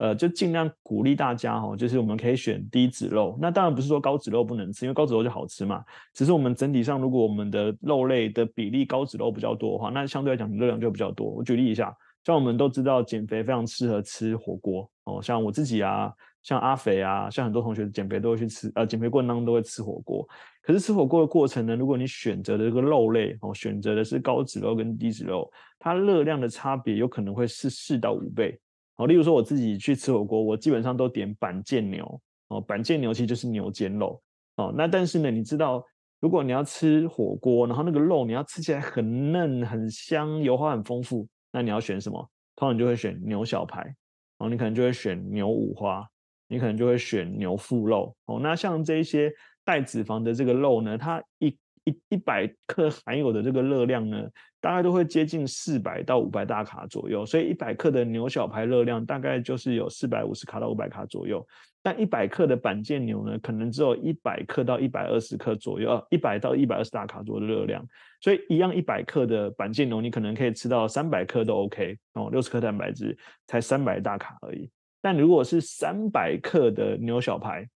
呃，就儘量鼓勵大家哦，就是我們可以選低脂肉。那當然不是說高脂肉不能吃，因為高脂肉就好吃嘛。只是我們整體上，如果我們的肉類的比例高脂肉比較多的話，那相對來講熱量就比較多。我舉例一下，像我們都知道，減肥非常適合吃火鍋哦。像我自己啊，像阿肥啊，像很多同學減肥都會去吃，呃，減肥過程當中都會吃火鍋。可是吃火鍋的過程呢，如果你選擇的這個肉類哦，選擇的是高脂肉跟低脂肉，它熱量的差別有可能會是四到五倍。哦，例如說我自己去吃火鍋，我基本上都點板腱牛哦，板腱牛其實就是牛肩肉哦。那但是呢，你知道，如果你要吃火鍋，然後那個肉你要吃起來很嫩、很香、油花很豐富，那你要選什麼？通常就會選牛小排哦，你可能就會選牛五花，你可能就會選牛腹肉哦。那像這些帶脂肪的這個肉呢，它一一百克含有的這個熱量呢，大概都會接近四百到五百大卡左右，所以一百克的牛小排熱量大概就是有四百五十卡到五百卡左右。但一百克的板腱牛呢，可能只有一百克到一百二十克左右，一百到一百二十大卡左右的熱量。所以一樣一百克的板腱牛，你可能可以吃到三百克都 OK 哦，六十克蛋白質才三百大卡而已。但如果是三百克的牛小排，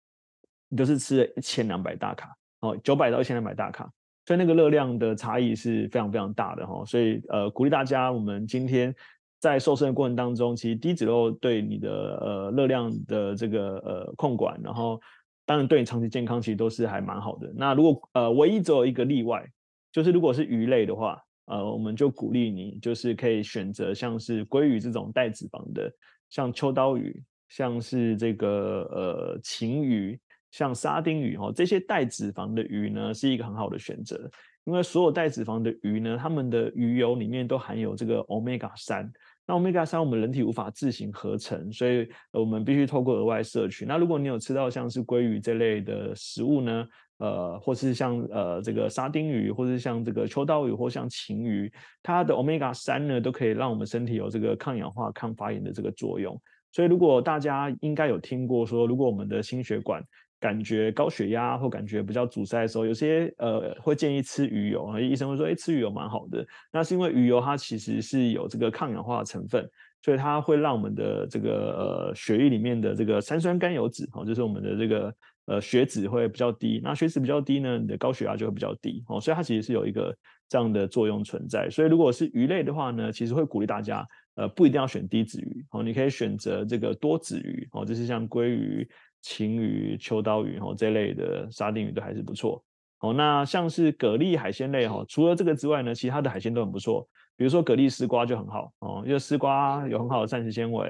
你就是吃了一千兩百大卡哦，九百到一千兩百大卡。哦所以那個熱量的差異是非常非常大的哈，所以呃鼓勵大家，我們今天在瘦身的過程當中，其實低脂肉對你的呃熱量的這個呃控管，然後當然對你長期健康其實都是還蠻好的。那如果呃唯一只有一個例外，就是如果是魚類的話，呃我們就鼓勵你就是可以選擇像是鮭魚這種帶脂肪的，像秋刀魚，像是這個呃鯖魚。像沙丁魚哦，這些帶脂肪的魚呢，是一個很好的選擇，因為所有帶脂肪的魚呢，它們的魚油裡面都含有這個 Omega 三。那 Omega 三，我們人體無法自行合成，所以我們必須透過額外攝取。那如果你有吃到像是鮭魚這類的食物呢，呃，或是像呃這個沙丁魚，或是像這個秋刀魚，或像鯖魚，它的 Omega 三呢，都可以讓我們身體有這個抗氧化、抗發炎的這個作用。所以，如果大家應該有聽過說，如果我們的心血管感覺高血壓或感覺比較阻塞的時候，有些呃會建議吃魚油啊。醫生會說：“哎，吃魚油蠻好的。”那是因為魚油它其實是有這個抗氧化的成分，所以它會讓我們的這個呃血液裡面的這個三酸甘油脂哦，就是我們的這個呃血脂會比較低。那血脂比較低呢，你的高血壓就會比較低哦。所以它其實是有一個這樣的作用存在。所以如果是魚類的話呢，其實會鼓勵大家呃不一定要選低脂魚哦，你可以選擇這個多脂魚哦，就是像鮭魚。鯖魚、秋刀魚吼、哦、這類的沙丁魚都還是不錯哦。那像是蛤蜊海鮮類、哦、除了這個之外呢，其他的海鮮都很不錯。比如說蛤蜊絲瓜就很好哦，因為絲瓜有很好的膳食纖維，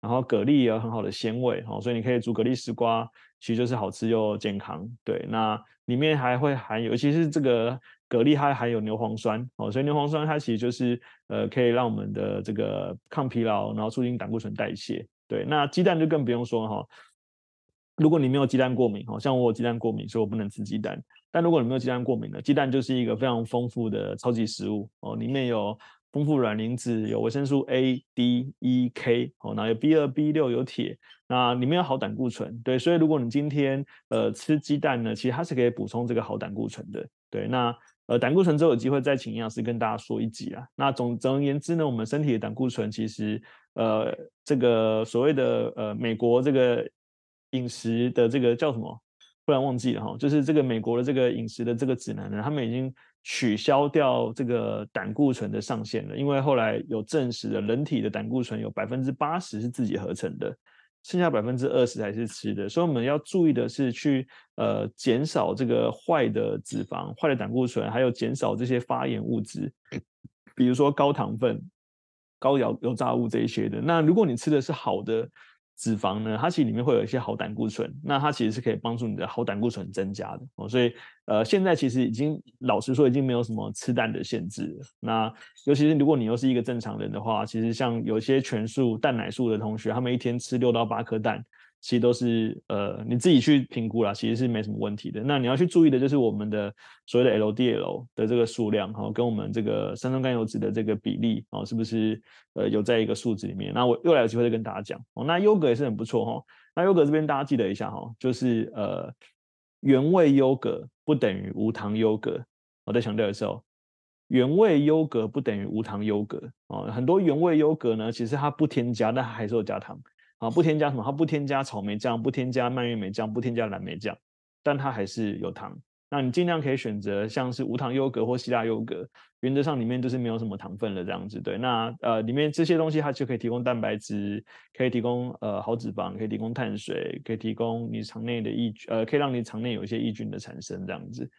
然後蛤蜊也有很好的鮮味、哦、所以你可以煮蛤蜊絲瓜，其實就是好吃又健康。對，那裡面還會含有，尤其是這個蛤蜊還含有牛磺酸哦，所以牛磺酸它其實就是呃可以讓我們的這個抗疲勞，然後促進膽固醇代謝。對，那雞蛋就更不用說哈。哦如果你沒有雞蛋過敏，哦，像我有雞蛋過敏，所以我不能吃雞蛋。但如果你沒有雞蛋過敏呢，雞蛋就是一個非常豐富的超級食物哦，裡面有豐富卵磷脂，有維生素 A、D、E、K，哦，那有 B 二、B 六，有鐵，那裡面有好膽固醇。對，所以如果你今天呃吃雞蛋呢，其實它是可以補充這個好膽固醇的。對，那呃膽固醇，之後有機會再請營養師跟大家說一集啊。那總總而言之呢，我們身體的膽固醇其實呃這個所謂的呃美國這個。飲食的這個叫什麼？忽然忘記了哈，就是這個美國的這個飲食的這個指南呢，他們已經取消掉這個膽固醇的上限了，因為後來有證實的，人體的膽固醇有百分之八十是自己合成的，剩下百分之二十才是吃的，所以我們要注意的是去呃減少這個壞的脂肪、壞的膽固醇，還有減少這些發炎物質，比如說高糖分、高油油炸物這一些的。那如果你吃的是好的。脂肪呢，它其實裡面會有一些好膽固醇，那它其實是可以幫助你的好膽固醇增加的哦。所以，呃，現在其實已經，老實說，已經沒有什麼吃蛋的限制了。那尤其是如果你又是一個正常人的話，其實像有些全素、蛋奶素的同學，他們一天吃六到八顆蛋。其實都是呃你自己去評估啦，其實是沒什麼問題的。那你要去注意的就是我們的所謂的 LDL 的這個數量哈、哦，跟我們這個三酸甘油酯的這個比例哦，是不是呃有在一個數字裡面？那我又來有機會再跟大家講哦。那優格也是很不錯哈、哦。那優格這邊大家記得一下哈、哦，就是呃原味優格不等於無糖優格。我再強調一次、哦，原味優格不等於無糖優格哦。很多原味優格呢，其實它不添加，但還是有加糖。啊，不添加什麼，它不添加草莓醬，不添加蔓越莓醬，不添加藍莓醬，但它還是有糖。那你盡量可以選擇像是無糖優格或希臘優格，原則上裡面就是沒有什麼糖分了這樣子。對，那呃裡面這些東西它就可以提供蛋白質，可以提供呃好脂肪，可以提供碳水，可以提供你腸內的益菌，呃可以讓你腸內有一些益菌的產生這樣子。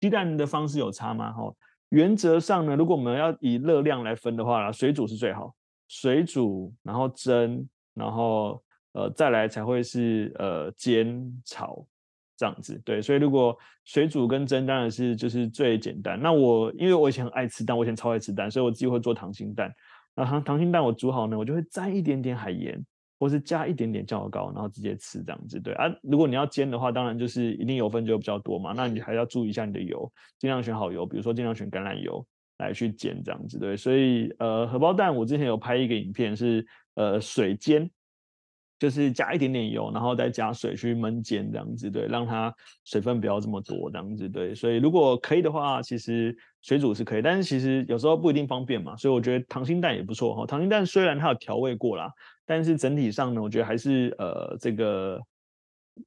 雞蛋的方式有差嗎？哈，原則上呢，如果我們要以熱量來分的話，水煮是最好，水煮然後蒸。然後，呃，再來才會是呃煎炒這樣子，對。所以如果水煮跟蒸當然是就是最簡單。那我因為我以前很愛吃蛋，我以前超愛吃蛋，所以我自己會做溏心蛋。然後溏溏心蛋我煮好呢，我就會沾一點點海鹽，或是加一點點醬油膏，然後直接吃這樣子，對。啊，如果你要煎的話，當然就是一定油分就比較多嘛，那你還要注意一下你的油，盡量選好油，比如說盡量選橄欖油來去煎這樣子，對。所以呃荷包蛋我之前有拍一個影片是。呃，水煎就是加一點點油，然後再加水去燜煎這樣子，對，讓它水分不要這麼多這樣子，對。所以如果可以的話，其實水煮是可以，但是其實有時候不一定方便嘛。所以我覺得糖心蛋也不錯哈、哦。糖心蛋雖然它有調味過啦，但是整體上呢，我覺得還是呃這個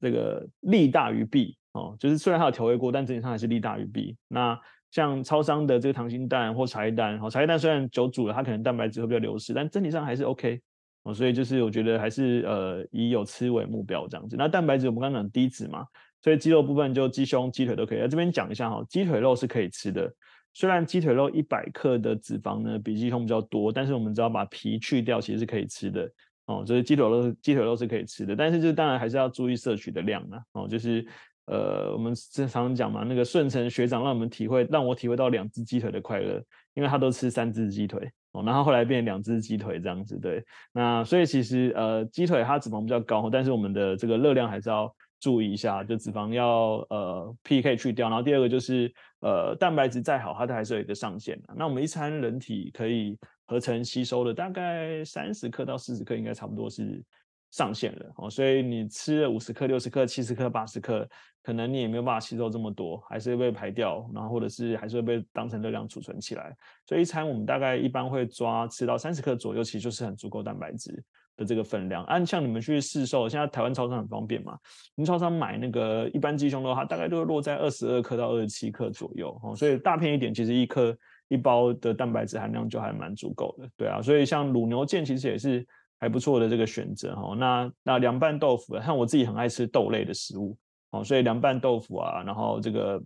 這個利大於弊哦。就是雖然它有調味過，但整體上還是利大於弊。那像超商的這個糖心蛋或茶葉蛋，好、哦，茶葉蛋雖然久煮了，它可能蛋白質會比較流失，但整體上還是 OK。哦，所以就是我覺得還是呃以有吃為目標這樣子。那蛋白質我們剛剛講低脂嘛，所以肌肉部分就雞胸、雞腿都可以。這邊講一下哈，雞腿肉是可以吃的，雖然雞腿肉一百克的脂肪呢比雞胸比較多，但是我們只要把皮去掉其實是可以吃的哦，就是雞腿肉雞腿肉是可以吃的，但是就是當然還是要注意攝取的量啊。哦，就是呃我們常常講嘛，那個順成學長讓我們體會，讓我體會到兩隻雞腿的快樂，因為他都吃三隻雞腿。哦，然後後來變兩隻雞腿這樣子，對。那所以其實呃，雞腿它脂肪比較高，但是我們的這個熱量還是要注意一下，就脂肪要呃 PK 去掉。然後第二個就是呃，蛋白質再好，它都還是有一個上限的。那我們一餐人體可以合成吸收的大概三十克到四十克，應該差不多是。上限了哦，所以你吃了五十克、六十克、七十克、八十克，可能你也沒有辦法吸收這麼多，還是會被排掉，然後或者是還是會被當成熱量儲存起來。所以一餐我們大概一般會抓吃到三十克左右，其實就是很足夠蛋白質的這個分量。按、啊、像你們去市售，現在台灣超市很方便嘛，你們超市買那個一般雞胸肉，它大概都會落在二十二克到二十七克左右哦。所以大片一點，其實一顆一包的蛋白質含量就還蠻足夠的，對啊。所以像滷牛腱，其實也是。還不錯的這個選擇哈，那那涼拌豆腐，像我自己很愛吃豆類的食物哦，所以涼拌豆腐啊，然後這個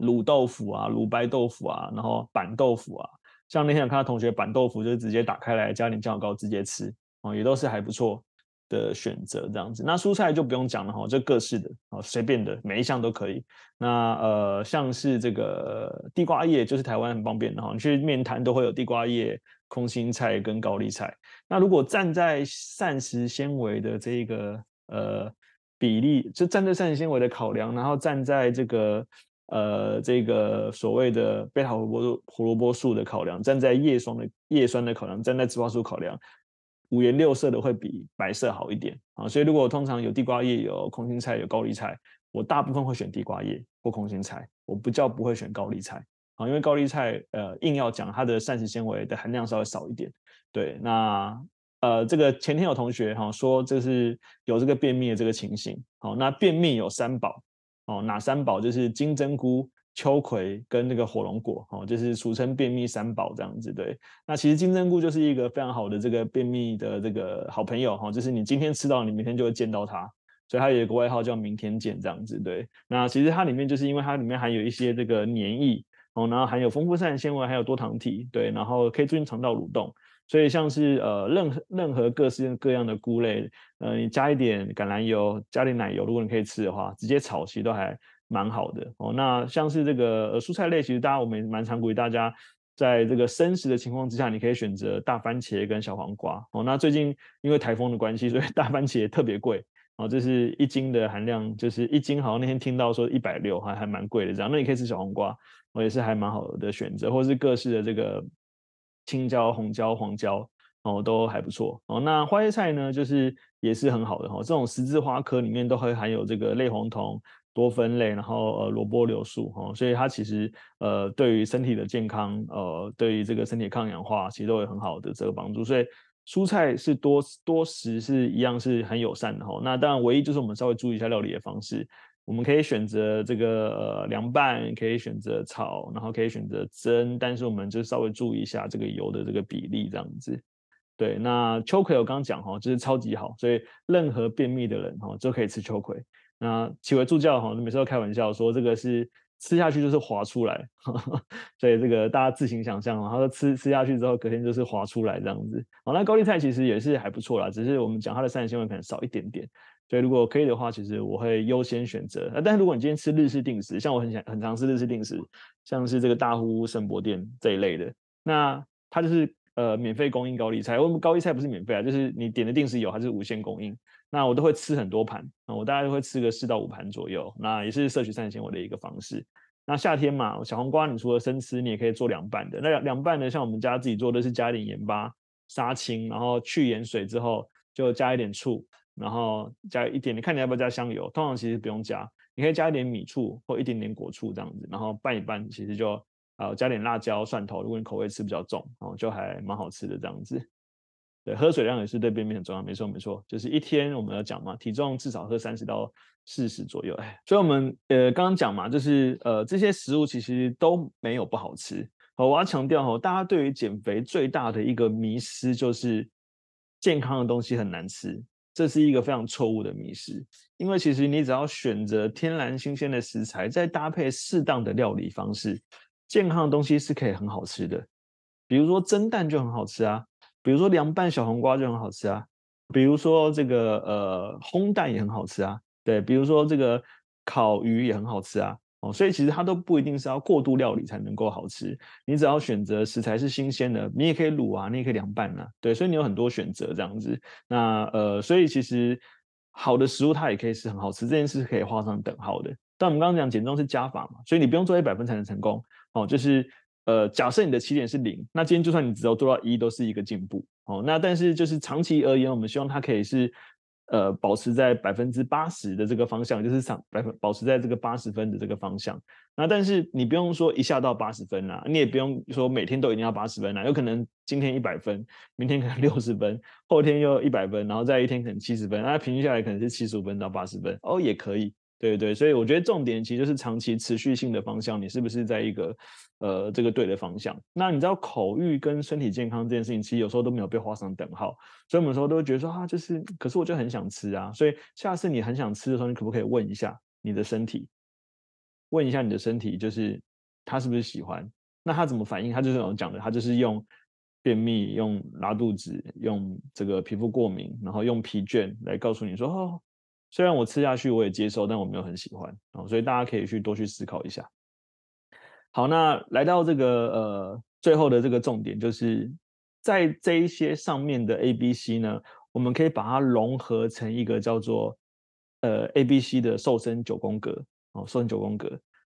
滷豆腐啊，滷白豆腐啊，然後板豆腐啊，像那天看到同學板豆腐就直接打開來加點醬油膏，直接吃哦，也都是還不錯的選擇這樣子。那蔬菜就不用講了哈，這各式的哦，隨便的每一項都可以。那呃，像是這個地瓜葉，就是台灣很方便的哈，你去麵攤，都會有地瓜葉、空心菜跟高麗菜。那如果站在膳食纖維的這個呃比例，就站在膳食纖維的考量，然後站在這個呃這個所謂的貝塔胡蘿蔔素的考量，站在葉酸的葉酸的考量，站在植化素考量，五顏六色的會比白色好一點啊。所以如果通常有地瓜葉、有空心菜、有高麗菜，我大部分會選地瓜葉或空心菜，我不叫不會選高麗菜啊，因為高麗菜呃硬要講它的膳食纖維的含量稍微少一點。對，那呃，這個前天有同學哈、哦、說，這是有這個便秘的這個情形。好、哦，那便秘有三寶哦，哪三寶就是金針菇、秋葵跟那個火龍果哦，就是俗稱便秘三寶這樣子。對，那其實金針菇就是一個非常好的這個便秘的這個好朋友哈、哦，就是你今天吃到，你明天就會見到它，所以它有一個外號叫“明天見”這樣子。對，那其實它裡面就是因為它裡面含有一些這個粘液哦，然後含有豐富膳食纖維，還有多糖體，對，然後可以促進腸道蠕動。所以像是呃任何任何各式各樣的菇類，呃你加一點橄欖油，加點奶油，如果你可以吃的話，直接炒其實都還蠻好的哦。那像是這個、呃、蔬菜類，其實大家我們也蠻常鼓勵大家，在這個生食的情況之下，你可以選擇大番茄跟小黃瓜哦。那最近因為台風的關係，所以大番茄也特別貴哦，這是一斤的含量，就是一斤好像那天聽到說一百六，還還蠻貴的這樣。那你可以吃小黃瓜，我、哦、也是還蠻好的選擇，或是各式的這個。青椒、紅椒、黃椒，哦，都還不錯哦。那花椰菜呢，就是也是很好的哈、哦。這種十字花科裡面都會含有這個類黃酮、多酚類，然後呃蘿蔔硫素哈、哦，所以它其實呃對於身體的健康，呃對於這個身體抗氧化，其實都有很好的這個幫助。所以蔬菜是多多食是一樣是很友善的哈、哦。那當然，唯一就是我們稍微注意一下料理的方式。我們可以選擇這個呃、涼拌，可以選擇炒，然後可以選擇蒸，但是我們就稍微注意一下這個油的這個比例這樣子。對，那秋葵我剛剛講哈、哦，就是超級好，所以任何便秘的人哈都、哦、可以吃秋葵。那啟維助教哈、哦、每次都開玩笑說這個是吃下去就是滑出來，呵呵，所以這個大家自行想象。他說吃吃下去之後隔天就是滑出來這樣子。好，那高麗菜其實也是還不錯啦，只是我們講它的膳食纖維可能少一點點。所以如果可以的話，其實我會優先選擇。啊，但是如果你今天吃日式定食，像我很想很常吃日式定食，像是這個大戶勝博店這一類的，那它就是呃免費供應高麗菜。我們高麗菜不是免費啊，就是你點的定食有，還是無限供應。那我都會吃很多盤啊，我大概都會吃個四到五盤左右。那也是攝取膳食纖維的一個方式。那夏天嘛，小黃瓜，你除了生吃，你也可以做涼拌的。那涼拌的，像我們家自己做的是加一點鹽巴殺青，然後去鹽水之後，就加一點醋。然後加一點，你看你要不要加香油？通常其實不用加，你可以加一點米醋或一點點果醋這樣子，然後拌一拌，其實就啊、呃、加點辣椒蒜頭，如果你口味吃比較重，然後就還蠻好吃的這樣子。對，喝水量也是對便秘很重要，沒錯沒錯，沒錯，就是一天我們要講嘛，體重至少喝三十到四十左右哎，所以我們呃剛剛講嘛，就是呃這些食物其實都沒有不好吃，我我要強調吼，大家對於減肥最大的一個迷思就是健康的東西很難吃。這是一個非常錯誤的迷思，因為其實你只要選擇天然新鮮的食材，再搭配適當的料理方式，健康的東西是可以很好吃的。比如說，蒸蛋就很好吃啊，比如說，涼拌小黃瓜就很好吃啊，比如說，這個呃烘蛋也很好吃啊，對，比如說，這個烤魚也很好吃啊。哦，所以其實它都不一定是要過度料理才能夠好吃。你只要選擇食材是新鮮的，你也可以滷啊，你也可以涼拌啊，對。所以你有很多選擇這樣子。那呃，所以其實好的食物它也可以是很好吃，這件事是可以畫上等號的。但我們剛剛講減重是加法嘛，所以你不用做一百分才能成功。哦，就是呃，假設你的起點是零，那今天就算你只要做到一，都是一個進步。哦，那但是就是長期而言，我們希望它可以是。呃，保持在百分之八十的這個方向，就是上百分保持在這個八十分的這個方向。那但是你不用說一下到八十分啦，啊，你也不用說每天都一定要八十分啦，啊，有可能今天一百分，明天可能六十分，後天又一百分，然後再一天可能七十分，那平均下來可能是七十五分到八十分哦，也可以。對對，所以我覺得重點其實就是長期持續性的方向，你是不是在一個呃這個對的方向？那你知道口欲跟身體健康這件事情，其實有時候都沒有被畫上等號，所以我們有時候都會覺得說啊，就是可是我就很想吃啊，所以下次你很想吃的時候，你可不可以問一下你的身體，問一下你的身體，就是他是不是喜歡？那他怎麼反應？他就是我講的，他就是用便秘、用拉肚子、用這個皮膚過敏，然後用疲倦來告訴你說哦。雖然我吃下去，我也接受，但我沒有很喜歡哦，所以大家可以去多去思考一下。好，那來到這個呃最後的這個重點，就是在這一些上面的 A、B、C 呢，我們可以把它融合成一個叫做呃 A、B、C 的瘦身九宮格哦，瘦身九宮格，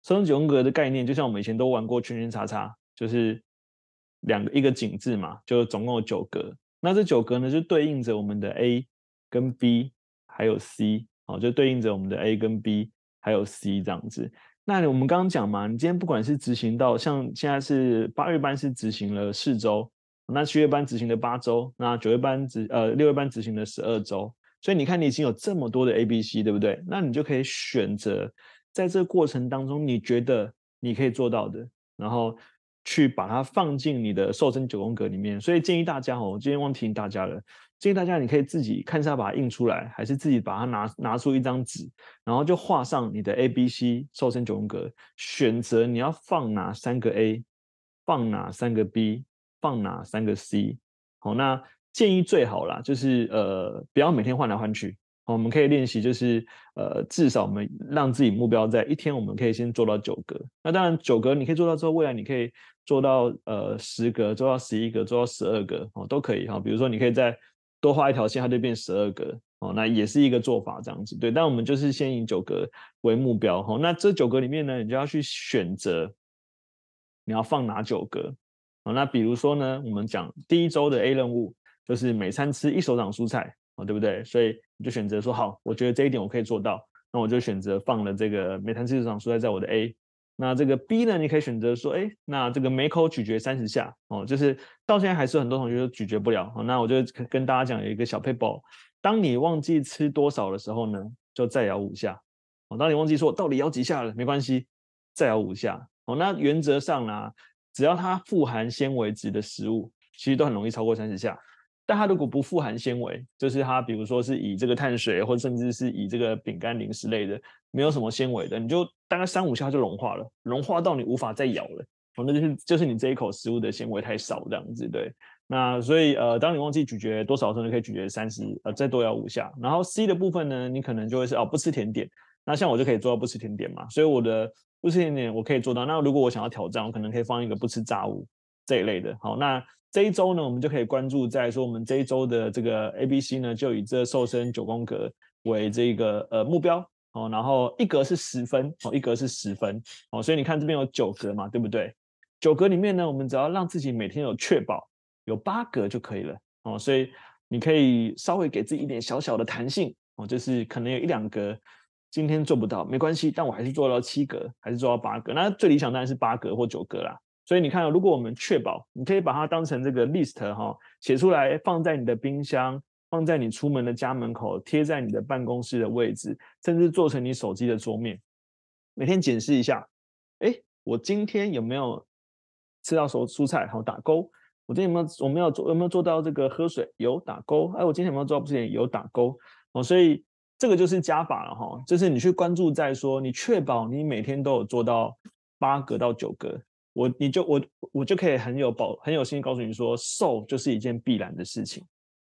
瘦身九宮格的概念，就像我們以前都玩過圈圈叉叉，就是兩個一個井字嘛，就總共有九格，那這九格呢，就對應着我們的 A 跟 B。還有 C 就對應着我們的 A 跟 B，還有 C 這樣子。那我們剛剛講嘛，你今天不管是執行到像現在是八月班是執行了四周，那七月班執行了八周，那九月班執呃六月班執行了十二周，所以你看你已經有這麼多的 A、B、C，對不對？那你就可以選擇在這個過程當中，你覺得你可以做到的，然後去把它放進你的瘦身九宮格裡面。所以建議大家哦，我今天忘提醒大家了。建議大家，你可以自己看一下，把它印出來，還是自己把它拿拿出一張紙，然後就畫上你的 A、B、C 瘦身九宮格，選擇你要放哪三個 A，放哪三個 B，放哪三個 C。好，那建議最好啦，就是呃，不要每天換來換去。好，我們可以練習，就是呃，至少我們讓自己目標在一天，我們可以先做到九格。那當然，九格你可以做到之後，未來你可以做到呃十格，做到十一格，做到十二格哦，都可以哈。比如說，你可以在多畫一條線，它就變十二格哦，那也是一個做法，這樣子，對。但我們就是先以九格為目標哦。那這九格裡面呢，你就要去選擇你要放哪九格啊、哦。那比如說呢，我們講第一周的 A 任務就是每餐吃一手掌蔬菜，哦、對不對？所以你就選擇說好，我覺得這一點我可以做到，那我就選擇放了這個每餐吃一手掌蔬菜在我的 A。那這個 B 呢？你可以選擇說，哎，那這個每口咀嚼三十下哦，就是到現在還是很多同學都咀嚼不了。哦、那我就跟大家講有一個小撇步，當你忘記吃多少的時候呢，就再咬五下哦。當你忘記說到底咬幾下了，沒關係，再咬五下、哦。那原則上呢，只要它富含纖維質的食物，其實都很容易超過三十下。但它如果不富含纖維，就是它，比如說是以這個碳水，或甚至是以這個餅乾零食類的。沒有什麼纖維的，你就大概三五下就融化了，融化到你無法再咬了，哦，那就是就是你這一口食物的纖維太少這樣子，對。那所以呃，當你忘記咀嚼多少的時候，你可以咀嚼三十呃再多咬五下。然後 C 的部分呢，你可能就會是哦不吃甜點，那像我就可以做到不吃甜點嘛，所以我的不吃甜點我可以做到。那如果我想要挑戰，我可能可以放一個不吃炸物這一類的。好，那這一周呢，我們就可以關注在說我們這一周的這個 A、B、C 呢，就以這瘦身九宮格為這一個呃目標。哦，然後一格是十分哦，一格是十分哦，所以你看這邊有九格嘛，對不對？九格裡面呢，我們只要讓自己每天有確保有八格就可以了哦，所以你可以稍微給自己一點小小的彈性哦，就是可能有一兩格今天做不到沒關係，但我還是做到七格，還是做到八格，那最理想當然是八格或九格啦。所以你看哦，如果我們確保，你可以把它當成這個 list 哈哦，寫出來放在你的冰箱。放在你出門的家門口，貼在你的辦公室的位置，甚至做成你手機的桌面，每天檢視一下。哎、欸，我今天有沒有吃到熟蔬菜？然後打勾。我今天有沒有我沒有做有沒有做到這個喝水？有打勾。哎、欸，我今天有沒有做到保健？有打勾。哦，所以這個就是加法了哈，就是你去關注在說你確保你每天都有做到八格到九格，我你就我我就可以很有保很有信心告訴你說，瘦就是一件必然的事情。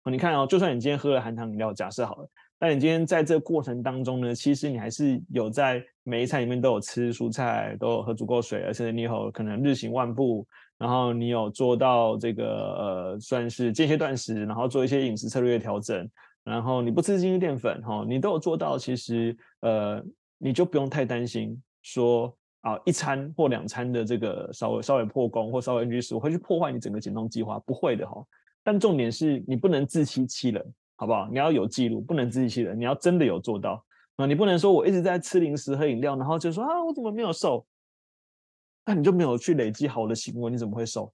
哦、你看哦，就算你今天喝了含糖飲料，假設好了，但你今天在這個過程當中呢，其實你還是有在每一餐裡面都有吃蔬菜，都有喝足夠水，而且你可能日行萬步，然後你有做到這個呃算是間歇斷食，然後做一些飲食策略的調整，然後你不吃精制澱粉哈、哦，你都有做到，其實呃你就不用太擔心說啊一餐或兩餐的這個稍微稍微破功或稍微 NG 失誤會去破壞你整個減重計劃，不會的哈。哦但重點是你不能自欺欺人，好不好？你要有記錄，不能自欺欺人。你要真的有做到啊，那你不能說我一直在吃零食、喝飲料，然後就說啊，我怎麼沒有瘦？那你就沒有去累積好的行為，你怎麼會瘦？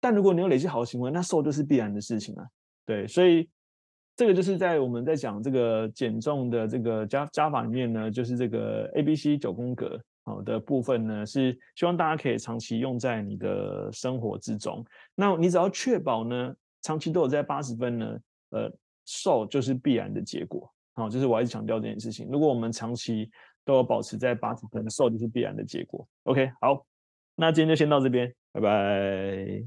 但如果你有累積好的行為，那瘦就是必然的事情啊。對，所以這個就是在我們在講這個減重的這個加加法裡面呢，就是這個 A、B、C 九宮格。好的部分呢，是希望大家可以長期用在你的生活之中。那你只要確保呢，長期都有在八十分呢，呃，瘦就是必然的結果。好、哦，就是我還是強調這件事情。如果我們長期都有保持在八十分，瘦就是必然的結果。OK，好，那今天就先到這邊，拜拜。